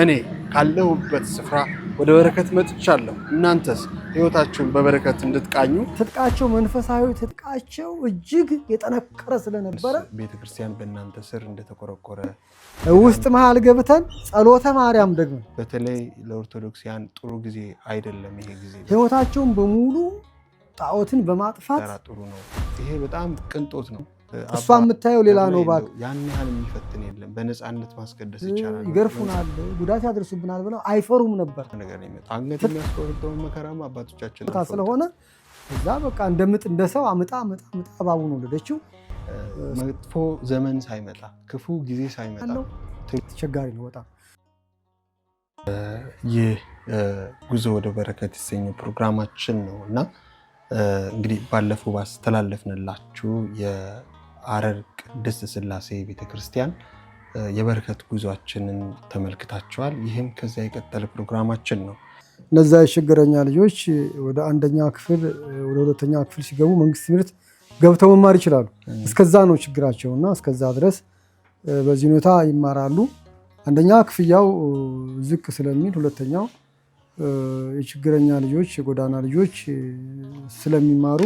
እኔ ካለሁበት ስፍራ ወደ በረከት መጥቻለሁ። እናንተስ ህይወታችሁን በበረከት እንድትቃኙ ትጥቃቸው መንፈሳዊ ትጥቃቸው እጅግ የጠነከረ ስለነበረ ቤተ ክርስቲያን በእናንተ ስር እንደተቆረቆረ ውስጥ መሀል ገብተን ጸሎተ ማርያም ደግሞ በተለይ ለኦርቶዶክሲያን ጥሩ ጊዜ አይደለም። ይሄ ጊዜ ህይወታቸውን በሙሉ ጣዖትን በማጥፋት ጥሩ ነው። ይሄ በጣም ቅንጦት ነው። እሷ የምታየው ሌላ ነው። እባክህ ያን ያህል የሚፈትን የለም። በነፃነት ማስቀደስ ይቻላል። ይገርፉናል፣ ጉዳት ያደርሱብናል ብለው አይፈሩም ነበር። አንገት የሚያስቆርጠውን መከራማ አባቶቻችን ስለሆነ እዛ በቃ እንደምጥ እንደ ሰው አምጣ አምጣ አምጣ እባቡን ወለደችው። መጥፎ ዘመን ሳይመጣ ክፉ ጊዜ ሳይመጣ ተቸጋሪ ነው በጣም። ይህ ጉዞ ወደ በረከት የተሰኘው ፕሮግራማችን ነው እና እንግዲህ ባለፈው ባስተላለፍንላችሁ አረር ቅድስት ስላሴ ቤተ ክርስቲያን የበረከት ጉዟችንን ተመልክታችኋል። ይህም ከዚያ የቀጠለ ፕሮግራማችን ነው። እነዚያ የችግረኛ ልጆች ወደ አንደኛ ክፍል ወደ ሁለተኛ ክፍል ሲገቡ መንግስት ትምህርት ገብተው መማር ይችላሉ። እስከዛ ነው ችግራቸውና እስከዛ ድረስ በዚህ ሁኔታ ይማራሉ። አንደኛ ክፍያው ዝቅ ስለሚል፣ ሁለተኛው የችግረኛ ልጆች የጎዳና ልጆች ስለሚማሩ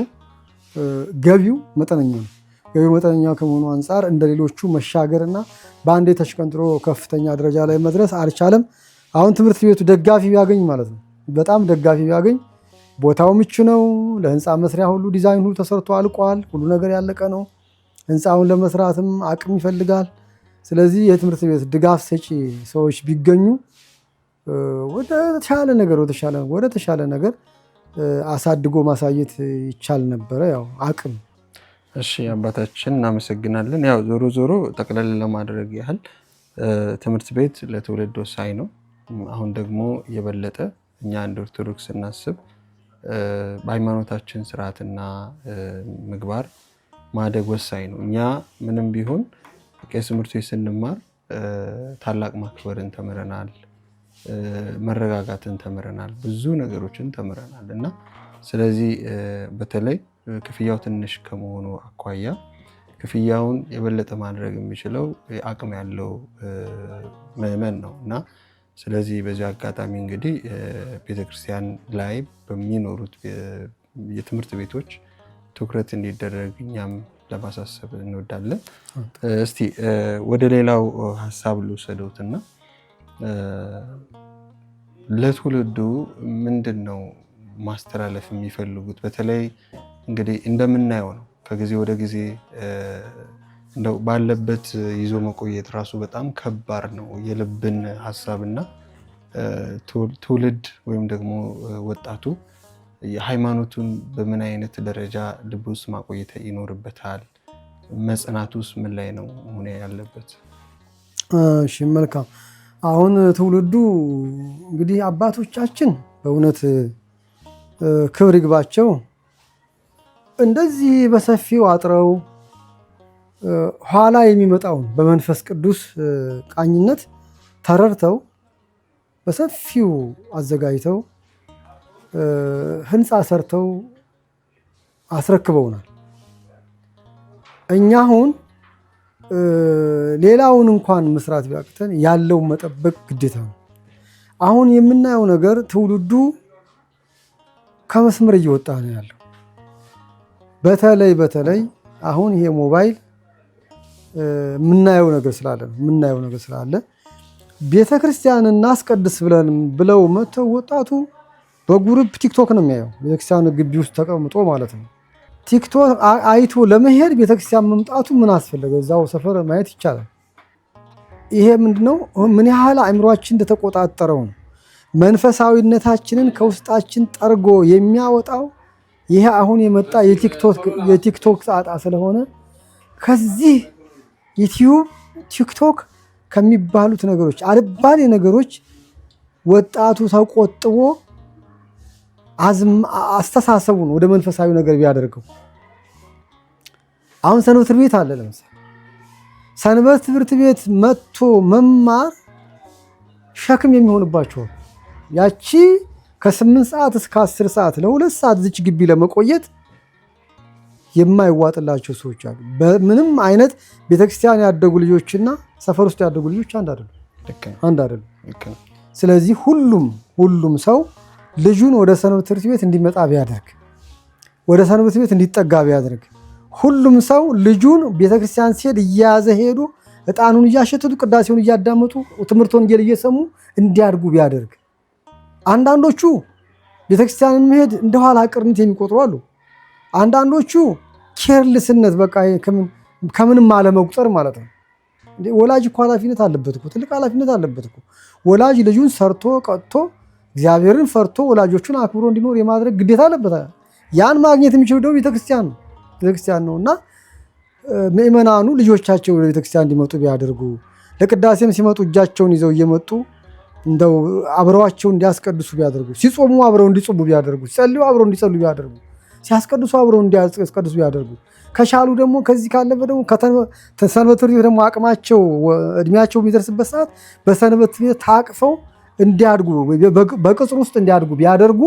ገቢው መጠነኛ ነው። የወይን ከመሆኑ አንጻር እንደ ሌሎቹ መሻገርና በአንዴ ተሽቀንጥሮ ከፍተኛ ደረጃ ላይ መድረስ አልቻለም። አሁን ትምህርት ቤቱ ደጋፊ ቢያገኝ ማለት ነው፣ በጣም ደጋፊ ቢያገኝ፣ ቦታው ምቹ ነው። ለህንፃ መስሪያ ሁሉ ዲዛይን ሁሉ ተሰርቶ አልቋል። ሁሉ ነገር ያለቀ ነው። ህንፃውን ለመስራትም አቅም ይፈልጋል። ስለዚህ የትምህርት ቤት ድጋፍ ሰጪ ሰዎች ቢገኙ ወደተሻለ ነገር ወደተሻለ ነገር አሳድጎ ማሳየት ይቻል ነበረ። ያው አቅም እሺ አባታችን እናመሰግናለን። ያው ዞሮ ዞሮ ጠቅለል ለማድረግ ያህል ትምህርት ቤት ለትውልድ ወሳኝ ነው። አሁን ደግሞ የበለጠ እኛ እንደ ኦርቶዶክስ ስናስብ በሃይማኖታችን ስርዓትና ምግባር ማደግ ወሳኝ ነው። እኛ ምንም ቢሆን ቄስ ትምህርት ቤት ስንማር ታላቅ ማክበርን ተምረናል፣ መረጋጋትን ተምረናል፣ ብዙ ነገሮችን ተምረናል እና ስለዚህ በተለይ ክፍያው ትንሽ ከመሆኑ አኳያ ክፍያውን የበለጠ ማድረግ የሚችለው አቅም ያለው ምዕመን ነው እና ስለዚህ በዚህ አጋጣሚ እንግዲህ ቤተክርስቲያን ላይ በሚኖሩት የትምህርት ቤቶች ትኩረት እንዲደረግ እኛም ለማሳሰብ እንወዳለን። እስቲ ወደ ሌላው ሀሳብ ልውሰዶትና ለትውልዱ ምንድን ነው ማስተላለፍ የሚፈልጉት? በተለይ እንግዲህ እንደምናየው ነው። ከጊዜ ወደ ጊዜ እንደው ባለበት ይዞ መቆየት ራሱ በጣም ከባድ ነው። የልብን ሀሳብና ትውልድ ወይም ደግሞ ወጣቱ ሃይማኖቱን በምን አይነት ደረጃ ልብ ውስጥ ማቆየት ይኖርበታል? መጽናቱ ውስጥ ምን ላይ ነው ሆነ ያለበት? እሺ መልካም። አሁን ትውልዱ እንግዲህ አባቶቻችን በእውነት ክብር ይግባቸው እንደዚህ በሰፊው አጥረው ኋላ የሚመጣውን በመንፈስ ቅዱስ ቃኝነት ተረድተው በሰፊው አዘጋጅተው ህንፃ ሰርተው አስረክበውናል። እኛ አሁን ሌላውን እንኳን መስራት ቢያቅተን ያለው መጠበቅ ግዴታ ነው። አሁን የምናየው ነገር ትውልዱ ከመስመር እየወጣ ነው ያለው። በተለይ በተለይ አሁን ይሄ ሞባይል የምናየው ነገር ስላለ ነው የምናየው ነገር ስላለ ቤተ ክርስቲያን እናስቀድስ ብለን ብለው መተው ወጣቱ በጉርብ ቲክቶክ ነው የሚያየው። ቤተክርስቲያን ግቢ ውስጥ ተቀምጦ ማለት ነው። ቲክቶክ አይቶ ለመሄድ ቤተክርስቲያን መምጣቱ ምን አስፈለገ? እዛው ሰፈር ማየት ይቻላል። ይሄ ምንድነው? ምን ያህል አእምሯችን እንደተቆጣጠረው ነው መንፈሳዊነታችንን ከውስጣችን ጠርጎ የሚያወጣው ይሄ አሁን የመጣ የቲክቶክ ጣጣ ስለሆነ ከዚህ ዩቲዩብ ቲክቶክ ከሚባሉት ነገሮች አልባሌ ነገሮች ወጣቱ ተቆጥቦ አስተሳሰቡን ወደ መንፈሳዊ ነገር ቢያደርገው። አሁን ሰንበት ትምህርት ቤት አለ። ለምሳሌ ሰንበት ትምህርት ቤት መጥቶ መማር ሸክም የሚሆንባቸው ያቺ ከስምንት ሰዓት እስከ አስር ሰዓት ለሁለት ሰዓት ዝች ግቢ ለመቆየት የማይዋጥላቸው ሰዎች አሉ። በምንም አይነት ቤተክርስቲያን ያደጉ ልጆችና ሰፈር ውስጥ ያደጉ ልጆች አንድ አይደሉም፣ አንድ አይደሉም። ስለዚህ ሁሉም ሁሉም ሰው ልጁን ወደ ሰንበት ትምህርት ቤት እንዲመጣ ቢያደርግ፣ ወደ ሰንበት ቤት እንዲጠጋ ቢያደርግ፣ ሁሉም ሰው ልጁን ቤተክርስቲያን ሲሄድ እየያዘ ሄዱ እጣኑን እያሸተቱ ቅዳሴውን እያዳመጡ ትምህርት ወንጌል እየሰሙ እንዲያድጉ ቢያደርግ አንዳንዶቹ ቤተክርስቲያንን መሄድ እንደ ኋላ ቅርነት የሚቆጥሩ አሉ። አንዳንዶቹ ኬርልስነት በቃ ከምንም አለመቁጠር ማለት ነው። ወላጅ እኮ ኃላፊነት አለበት፣ ትልቅ ኃላፊነት አለበት። ወላጅ ልጁን ሰርቶ ቀጥቶ እግዚአብሔርን ፈርቶ ወላጆቹን አክብሮ እንዲኖር የማድረግ ግዴታ አለበት። ያን ማግኘት የሚችሉ ደግሞ ቤተክርስቲያን ነው ቤተክርስቲያን ነው እና ምእመናኑ ልጆቻቸው ወደ ቤተክርስቲያን እንዲመጡ ቢያደርጉ ለቅዳሴም ሲመጡ እጃቸውን ይዘው እየመጡ እንደው አብረዋቸው እንዲያስቀድሱ ቢያደርጉ፣ ሲጾሙ አብረው እንዲጾሙ ቢያደርጉ፣ ሲጸልዩ አብረው እንዲጸልዩ ቢያደርጉ፣ ሲያስቀድሱ አብረው እንዲያስቀድሱ ቢያደርጉ፣ ከሻሉ ደግሞ ከዚህ ካለፈ ደግሞ ከሰንበት ትምህርት ደግሞ አቅማቸው እድሜያቸው የሚደርስበት ሰዓት በሰንበት ቤት ታቅፈው እንዲያድጉ በቅጽር ውስጥ እንዲያድጉ ቢያደርጉ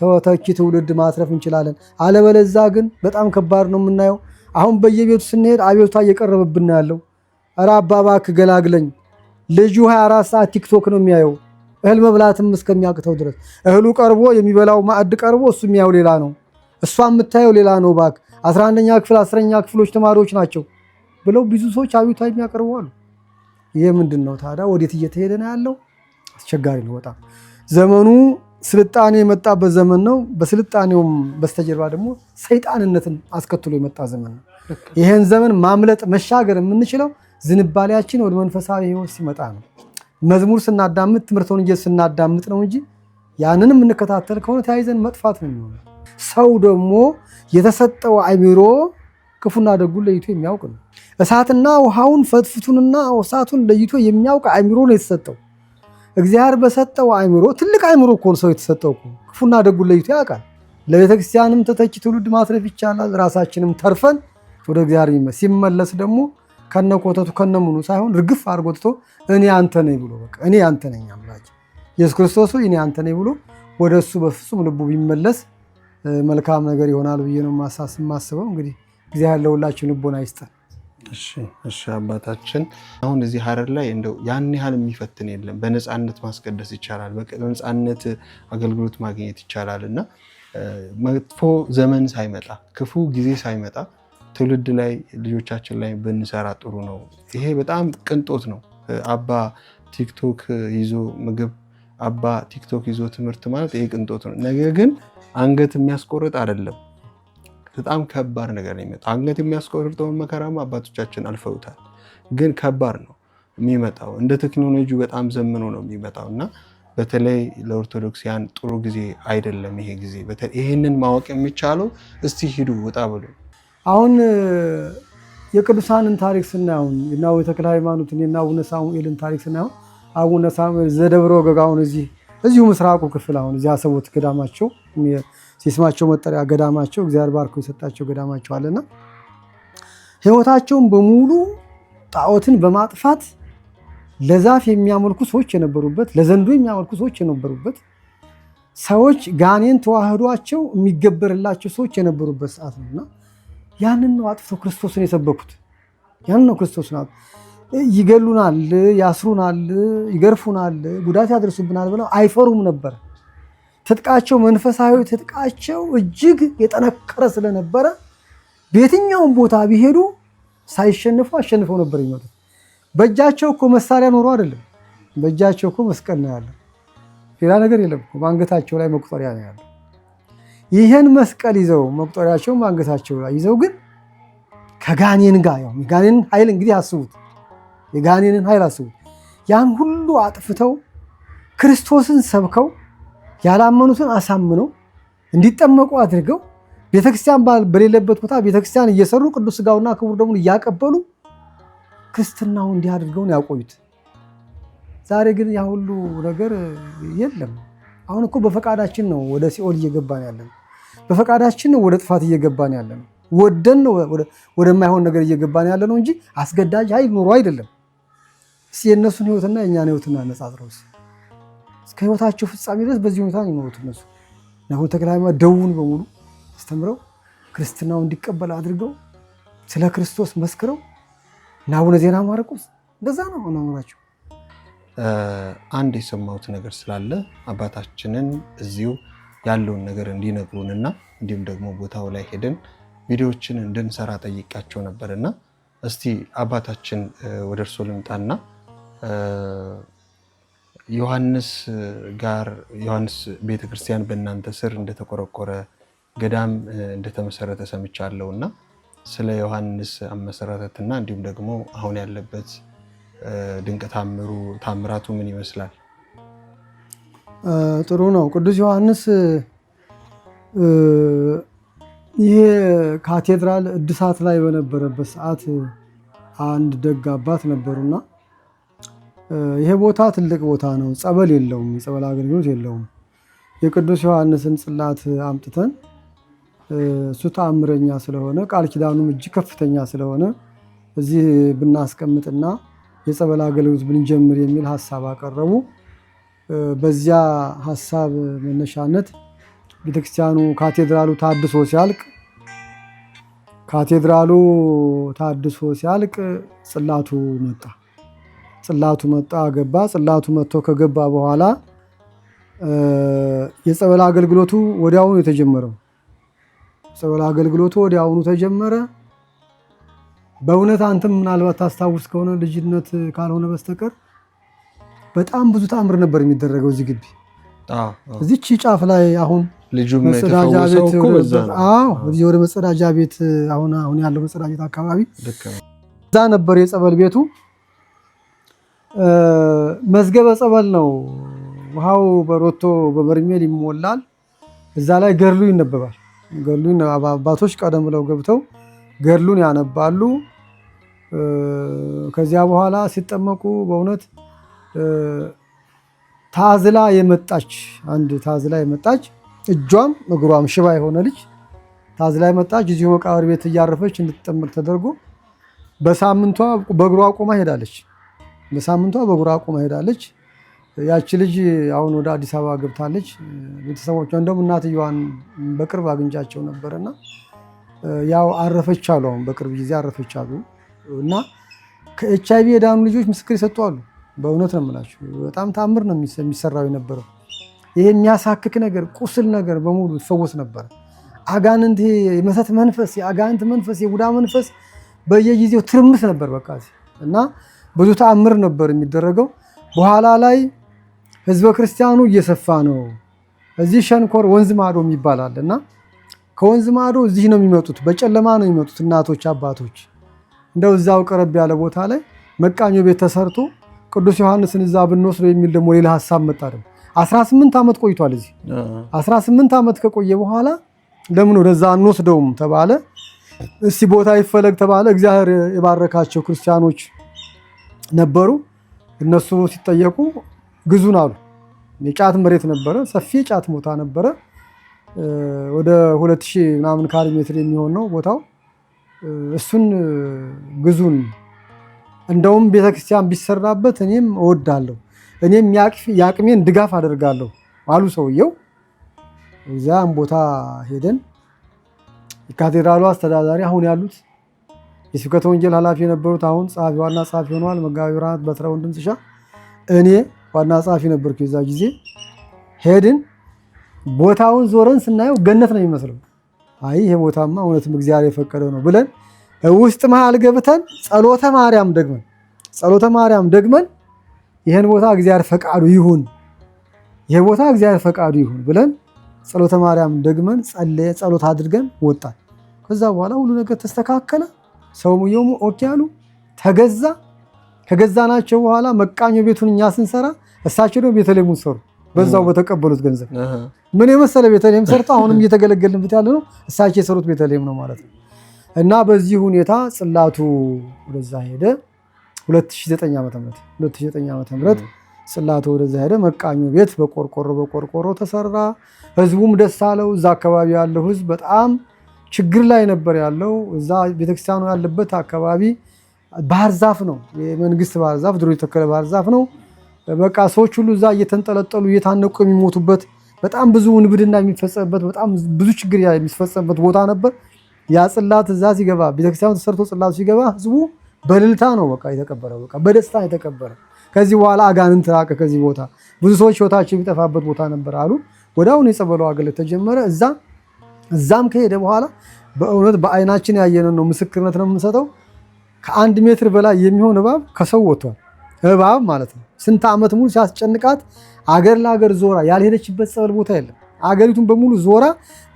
ተተኪ ትውልድ ማትረፍ እንችላለን። አለበለዛ ግን በጣም ከባድ ነው የምናየው። አሁን በየቤቱ ስንሄድ አቤቱታ እየቀረበብን ያለው ኧረ አባባ ገላግለኝ ልጁ 24 ሰዓት ቲክቶክ ነው የሚያየው እህል መብላትም እስከሚያቅተው ድረስ እህሉ ቀርቦ የሚበላው ማዕድ ቀርቦ እሱ የሚያየው ሌላ ነው፣ እሷ የምታየው ሌላ ነው። ባክ 11ኛ ክፍል 1ኛ ክፍሎች ተማሪዎች ናቸው ብለው ብዙ ሰዎች አቤቱታ የሚያቀርቡ አሉ። ይህ ምንድን ነው ታዲያ? ወዴት እየተሄደ ነው ያለው? አስቸጋሪ ነው በጣም ዘመኑ ስልጣኔ የመጣበት ዘመን ነው። በስልጣኔውም በስተጀርባ ደግሞ ሰይጣንነትን አስከትሎ የመጣ ዘመን ነው። ይህን ዘመን ማምለጥ መሻገር የምንችለው ዝንባሌያችን ወደ መንፈሳዊ ህይወት ሲመጣ ነው። መዝሙር ስናዳምጥ፣ ትምህርተ ወንጌል ስናዳምጥ ነው እንጂ ያንን የምንከታተል ከሆነ ተያይዘን መጥፋት ነው የሚሆነው። ሰው ደግሞ የተሰጠው አእምሮ ክፉና ደጉን ለይቶ የሚያውቅ ነው። እሳትና ውሃውን ፈትፍቱንና እሳቱን ለይቶ የሚያውቅ አእምሮ ነው የተሰጠው። እግዚአብሔር በሰጠው አእምሮ ትልቅ አእምሮ እኮ ሰው የተሰጠው ክፉና ደጉን ለይቶ ያውቃል። ለቤተክርስቲያንም ተተች ትውልድ ማትረፍ ይቻላል። ራሳችንም ተርፈን ወደ እግዚአብሔር ሲመለስ ደግሞ ከነቆተቱ ከነሙኑ ሳይሆን ርግፍ አድርጎ ትቶ እኔ አንተ ነኝ ብሎ በቃ እኔ አንተ ነኝ አምላክ ኢየሱስ ክርስቶስ እኔ አንተ ነኝ ብሎ ወደ እሱ በፍጹም ልቡ ቢመለስ መልካም ነገር ይሆናል ብዬ ነው ማስበው እንግዲህ እግዚአብሔር ለሁላችን ልቦና እሺ እሺ አባታችን፣ አሁን እዚህ ሀረር ላይ እንደው ያን ያህል የሚፈትን የለም። በነፃነት ማስቀደስ ይቻላል፣ በነፃነት አገልግሎት ማግኘት ይቻላል እና መጥፎ ዘመን ሳይመጣ ክፉ ጊዜ ሳይመጣ ትውልድ ላይ ልጆቻችን ላይ ብንሰራ ጥሩ ነው። ይሄ በጣም ቅንጦት ነው። አባ ቲክቶክ ይዞ ምግብ፣ አባ ቲክቶክ ይዞ ትምህርት ማለት ይሄ ቅንጦት ነው። ነገር ግን አንገት የሚያስቆርጥ አይደለም። በጣም ከባድ ነገር ነው የሚመጣው። አንገት የሚያስቆርጠውን መከራማ አባቶቻችን አልፈውታል። ግን ከባድ ነው የሚመጣው። እንደ ቴክኖሎጂ በጣም ዘምኖ ነው የሚመጣው እና በተለይ ለኦርቶዶክሲያን ጥሩ ጊዜ አይደለም ይሄ ጊዜ። ይህንን ማወቅ የሚቻለው እስቲ ሂዱ፣ ወጣ ብሎ አሁን የቅዱሳንን ታሪክ ስናየውን እና የተክለ ሃይማኖትን እና አቡነ ሳሙኤልን ታሪክ ስናየውን አቡነ ሳሙኤል ዘደብረ ወገግ አሁን እዚህ እዚሁ ምስራቁ ክፍል አሁን እዚህ አሰቦት ገዳማቸው ሲስማቸው መጠሪያ ገዳማቸው እግዚአብሔር ባርኮ የሰጣቸው ገዳማቸው አለና ህይወታቸውን በሙሉ ጣዖትን በማጥፋት ለዛፍ የሚያመልኩ ሰዎች የነበሩበት፣ ለዘንዶ የሚያመልኩ ሰዎች የነበሩበት ሰዎች ጋኔን ተዋህዷቸው የሚገበርላቸው ሰዎች የነበሩበት ሰዓት ነው ነውና ያንን ነው አጥፍቶ ክርስቶስን የሰበኩት። ያንን ነው ክርስቶስን ይገሉናል፣ ያስሩናል፣ ይገርፉናል፣ ጉዳት ያደርሱብናል ብለው አይፈሩም ነበር። ትጥቃቸው መንፈሳዊ ትጥቃቸው እጅግ የጠነከረ ስለነበረ በየትኛውም ቦታ ቢሄዱ ሳይሸንፉ አሸንፈው ነበር የሚመጡት። በእጃቸው እኮ መሳሪያ ኖሮ አይደለም። በእጃቸው እኮ መስቀል ነው ያለ፣ ሌላ ነገር የለም። በአንገታቸው ላይ መቁጠሪያ ነው ያለ። ይህን መስቀል ይዘው መቁጠሪያቸው ማንገታቸው ላይ ይዘው ግን ከጋኔን ጋር ያው የጋኔንን ኃይል እንግዲህ አስቡት፣ የጋኔንን ኃይል አስቡት። ያን ሁሉ አጥፍተው ክርስቶስን ሰብከው ያላመኑትን አሳምነው እንዲጠመቁ አድርገው ቤተክርስቲያን በሌለበት ቦታ ቤተክርስቲያን እየሰሩ ቅዱስ ሥጋውና ክቡር ደሙን እያቀበሉ ክርስትናው እንዲህ አድርገውን ያቆዩት። ዛሬ ግን ያ ሁሉ ነገር የለም። አሁን እኮ በፈቃዳችን ነው ወደ ሲኦል እየገባን ያለን። በፈቃዳችን ነው ወደ ጥፋት እየገባን ያለ ነው። ወደን ነው ወደማይሆን ነገር እየገባን ያለ ነው እንጂ አስገዳጅ ኃይል ኖሮ አይደለም። እስ የእነሱን ህይወትና የእኛን ህይወትና አነጻጽረውስ እስከ ህይወታቸው ፍጻሜ ድረስ በዚህ ሁኔታ ይኖሩት እነሱ ናሁን ተክለ ሃይማኖት በሙሉ አስተምረው ክርስትናው እንዲቀበል አድርገው ስለ ክርስቶስ መስክረው ናቡነ ዜና ማርቆስ እንደዛ ነው አኗኗራቸው። አንድ የሰማሁት ነገር ስላለ አባታችንን እዚሁ ያለውን ነገር እንዲነግሩን እና እንዲሁም ደግሞ ቦታው ላይ ሄደን ቪዲዮዎችን እንድንሰራ ጠይቃቸው ነበር እና እስቲ አባታችን ወደ እርሶ ልምጣና ዮሐንስ ጋር ዮሐንስ ቤተክርስቲያን በእናንተ ስር እንደተቆረቆረ ገዳም እንደተመሰረተ ሰምቻለሁ እና ስለ ዮሐንስ አመሰራረትና እንዲሁም ደግሞ አሁን ያለበት ድንቅ ታምሩ ታምራቱ ምን ይመስላል? ጥሩ ነው። ቅዱስ ዮሐንስ ይሄ ካቴድራል እድሳት ላይ በነበረበት ሰዓት አንድ ደግ አባት ነበሩና ይሄ ቦታ ትልቅ ቦታ ነው። ጸበል የለውም፣ የጸበል አገልግሎት የለውም። የቅዱስ ዮሐንስን ጽላት አምጥተን እሱ ተአምረኛ ስለሆነ ቃል ኪዳኑም እጅግ ከፍተኛ ስለሆነ እዚህ ብናስቀምጥና የጸበል አገልግሎት ብንጀምር የሚል ሀሳብ አቀረቡ። በዚያ ሀሳብ መነሻነት ቤተክርስቲያኑ ካቴድራሉ ታድሶ ሲያልቅ ካቴድራሉ ታድሶ ሲያልቅ ጽላቱ መጣ። ጽላቱ መጣ ገባ። ጽላቱ መጥቶ ከገባ በኋላ የጸበል አገልግሎቱ ወዲያውኑ የተጀመረው ጸበል አገልግሎቱ ወዲያውኑ ተጀመረ። በእውነት አንተም ምናልባት ታስታውስ ከሆነ ልጅነት ካልሆነ በስተቀር በጣም ብዙ ተአምር ነበር የሚደረገው እዚህ ግቢ። እዚች ጫፍ ላይ አሁን መጸዳጃ ቤት ወደ መጸዳጃ ቤት አሁን አሁን ያለው መጸዳጃ ቤት አካባቢ እዛ ነበር የጸበል ቤቱ። መዝገበ ጸበል ነው። ውሃው በሮቶ በበርሜል ይሞላል። እዛ ላይ ገድሉ ይነበባል። ገድሉ አባቶች ቀደም ብለው ገብተው ገድሉን ያነባሉ። ከዚያ በኋላ ሲጠመቁ በእውነት ታዝላ የመጣች አንድ ታዝላ የመጣች እጇም እግሯም ሽባ የሆነ ልጅ ታዝላ የመጣች እዚሁ መቃብር ቤት እያረፈች እንድትጠመቅ ተደርጎ በሳምንቷ በእግሯ ቆማ ሄዳለች። በሳምንቷ በእግሯ ቆማ ሄዳለች። ያቺ ልጅ አሁን ወደ አዲስ አበባ ገብታለች። ቤተሰቦቿ እንደውም እናትየዋን በቅርብ አግኝቻቸው ነበረና ያው አረፈች አሉ። አሁን በቅርብ ጊዜ አረፈች አሉ እና ከኤች አይ ቪ የዳኑ ልጆች ምስክር ይሰጡ አሉ። በእውነት ነው የምላችሁ፣ በጣም ታምር ነው የሚሰራው የነበረው። ይሄ የሚያሳክክ ነገር ቁስል ነገር በሙሉ ይፈወስ ነበር። አጋንንት፣ የመተት መንፈስ፣ የአጋንንት መንፈስ፣ የቡዳ መንፈስ በየጊዜው ትርምስ ነበር በቃ እና ብዙ ተአምር ነበር የሚደረገው። በኋላ ላይ ህዝበ ክርስቲያኑ እየሰፋ ነው። እዚህ ሸንኮር ወንዝ ማዶ ይባላል እና ከወንዝ ማዶ እዚህ ነው የሚመጡት። በጨለማ ነው የሚመጡት እናቶች፣ አባቶች እንደው እዛው ቀረብ ያለ ቦታ ላይ መቃኞ ቤት ተሰርቶ ቅዱስ ዮሐንስን እዛ ብንወስደው የሚል ደግሞ ሌላ ሀሳብ መጣ። ደግሞ 18 ዓመት ቆይቷል እዚህ 18 ዓመት ከቆየ በኋላ ለምን ወደዛ አንወስደውም ተባለ። እስቲ ቦታ ይፈለግ ተባለ። እግዚአብሔር የባረካቸው ክርስቲያኖች ነበሩ። እነሱ ሲጠየቁ ግዙን አሉ። የጫት መሬት ነበረ፣ ሰፊ የጫት ቦታ ነበረ። ወደ 2000 ምናምን ካሬ ሜትር የሚሆን ነው ቦታው። እሱን ግዙን እንደውም ቤተክርስቲያን ቢሰራበት እኔም እወዳለሁ፣ እኔም የአቅሜን ድጋፍ አደርጋለሁ አሉ ሰውየው። እዚያም ቦታ ሄደን የካቴድራሉ አስተዳዳሪ አሁን ያሉት የስብከተ ወንጌል ኃላፊ የነበሩት አሁን ጸሐፊ ዋና ጸሐፊ ሆነዋል መጋቢ ብርሃን በትረ ወንድም ትሻ፣ እኔ ዋና ጸሐፊ ነበርኩ የዛ ጊዜ። ሄድን ቦታውን ዞረን ስናየው ገነት ነው የሚመስለው። አይ ይሄ ቦታማ እውነትም እግዚአብሔር የፈቀደው ነው ብለን ውስጥ መሃል ገብተን ጸሎተ ማርያም ደግመን ጸሎተ ማርያም ደግመን ይህን ቦታ እግዚአብሔር ፈቃዱ ይሁን ይህ ቦታ እግዚአብሔር ፈቃዱ ይሁን ብለን ጸሎተ ማርያም ደግመን ጸሎት አድርገን ወጣን። ከዛ በኋላ ሁሉ ነገር ተስተካከለ። ሰውየውም ኦኬ አሉ፣ ተገዛ። ከገዛናቸው በኋላ መቃኞ ቤቱን እኛ ስንሰራ እሳቸው ደግሞ ቤተልሔሙን ሰሩ። በዛው በተቀበሉት ገንዘብ ምን የመሰለ ቤተልሔም ሰርተ አሁንም እየተገለገልንበት ያለ ነው። እሳቸው የሰሩት ቤተልሔም ነው ማለት ነው። እና በዚህ ሁኔታ ጽላቱ ወደዛ ሄደ። 2009 ዓ ም ም ጽላቱ ወደዛ ሄደ። መቃኙ ቤት በቆርቆሮ በቆርቆሮ ተሰራ። ህዝቡም ደስ አለው። እዛ አካባቢ ያለው ህዝብ በጣም ችግር ላይ ነበር ያለው። እዛ ቤተክርስቲያኑ ያለበት አካባቢ ባህር ዛፍ ነው፣ የመንግስት ባህር ዛፍ፣ ድሮ የተከለ ባህር ዛፍ ነው። በቃ ሰዎች ሁሉ እዛ እየተንጠለጠሉ እየታነቁ የሚሞቱበት በጣም ብዙ ንብድና የሚፈጸምበት በጣም ብዙ ችግር የሚፈጸምበት ቦታ ነበር። ያ ጽላት እዛ ሲገባ ቤተክርስቲያኑ ተሰርቶ ጽላቱ ሲገባ ህዝቡ በልልታ ነው በቃ የተቀበረው፣ በቃ በደስታ የተቀበረ። ከዚህ በኋላ አጋንንት ራቀ ከዚህ ቦታ። ብዙ ሰዎች ህይወታቸው የሚጠፋበት ቦታ ነበር አሉ። ወዲያውኑ የጸበሉ አገልግሎት ተጀመረ። እዛ እዛም ከሄደ በኋላ በእውነት በአይናችን ያየነው ነው፣ ምስክርነት ነው የምንሰጠው። ከአንድ ሜትር በላይ የሚሆን እባብ ከሰው ወጥቷል። እባብ ማለት ነው። ስንት ዓመት ሙሉ ሲያስጨንቃት አገር ለአገር ዞራ ያልሄደችበት ጸበል ቦታ የለም። አገሪቱን በሙሉ ዞራ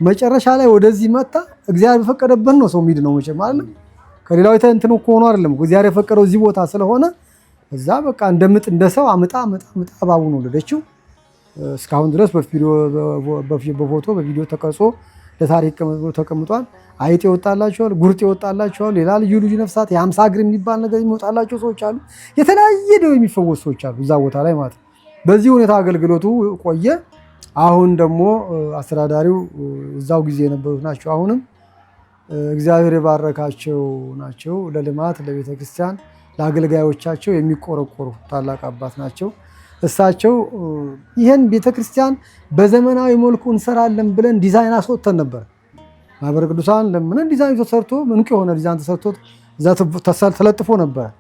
መጨረሻ ላይ ወደዚህ መጣ። እግዚአብሔር በፈቀደበት ነው ሰው ሚድ ነው መቼም አይደል? ከሌላው የተ እንትን እኮ ሆኖ አይደለም። እግዚአብሔር የፈቀደው እዚህ ቦታ ስለሆነ እዛ በቃ እንደምጥ እንደሰው አምጣ አምጣ አምጣ ነው ወለደችው። እስካሁን ድረስ በፎቶ በቪዲዮ ተቀርጾ ለታሪክ ተቀምጧል። አይጥ ይወጣላቸዋል፣ ጉርጥ ይወጣላቸዋል። ሌላ ልዩ ልዩ ነፍሳት የሀምሳ እግር የሚባል ነገር የሚወጣላቸው ሰዎች አሉ። የተለያየ ደው የሚፈወሱ ሰዎች አሉ እዛ ቦታ ላይ ማለት ነው። በዚህ ሁኔታ አገልግሎቱ ቆየ። አሁን ደግሞ አስተዳዳሪው እዛው ጊዜ የነበሩት ናቸው አሁንም እግዚአብሔር የባረካቸው ናቸው። ለልማት ለቤተ ክርስቲያን ለአገልጋዮቻቸው የሚቆረቆሩ ታላቅ አባት ናቸው። እሳቸው ይህን ቤተ ክርስቲያን በዘመናዊ መልኩ እንሰራለን ብለን ዲዛይን አስወጥተን ነበር። ማህበረ ቅዱሳን ለምን ዲዛይን ተሰርቶ ምንቅ የሆነ ዲዛይን ተሰርቶ ተለጥፎ ነበር።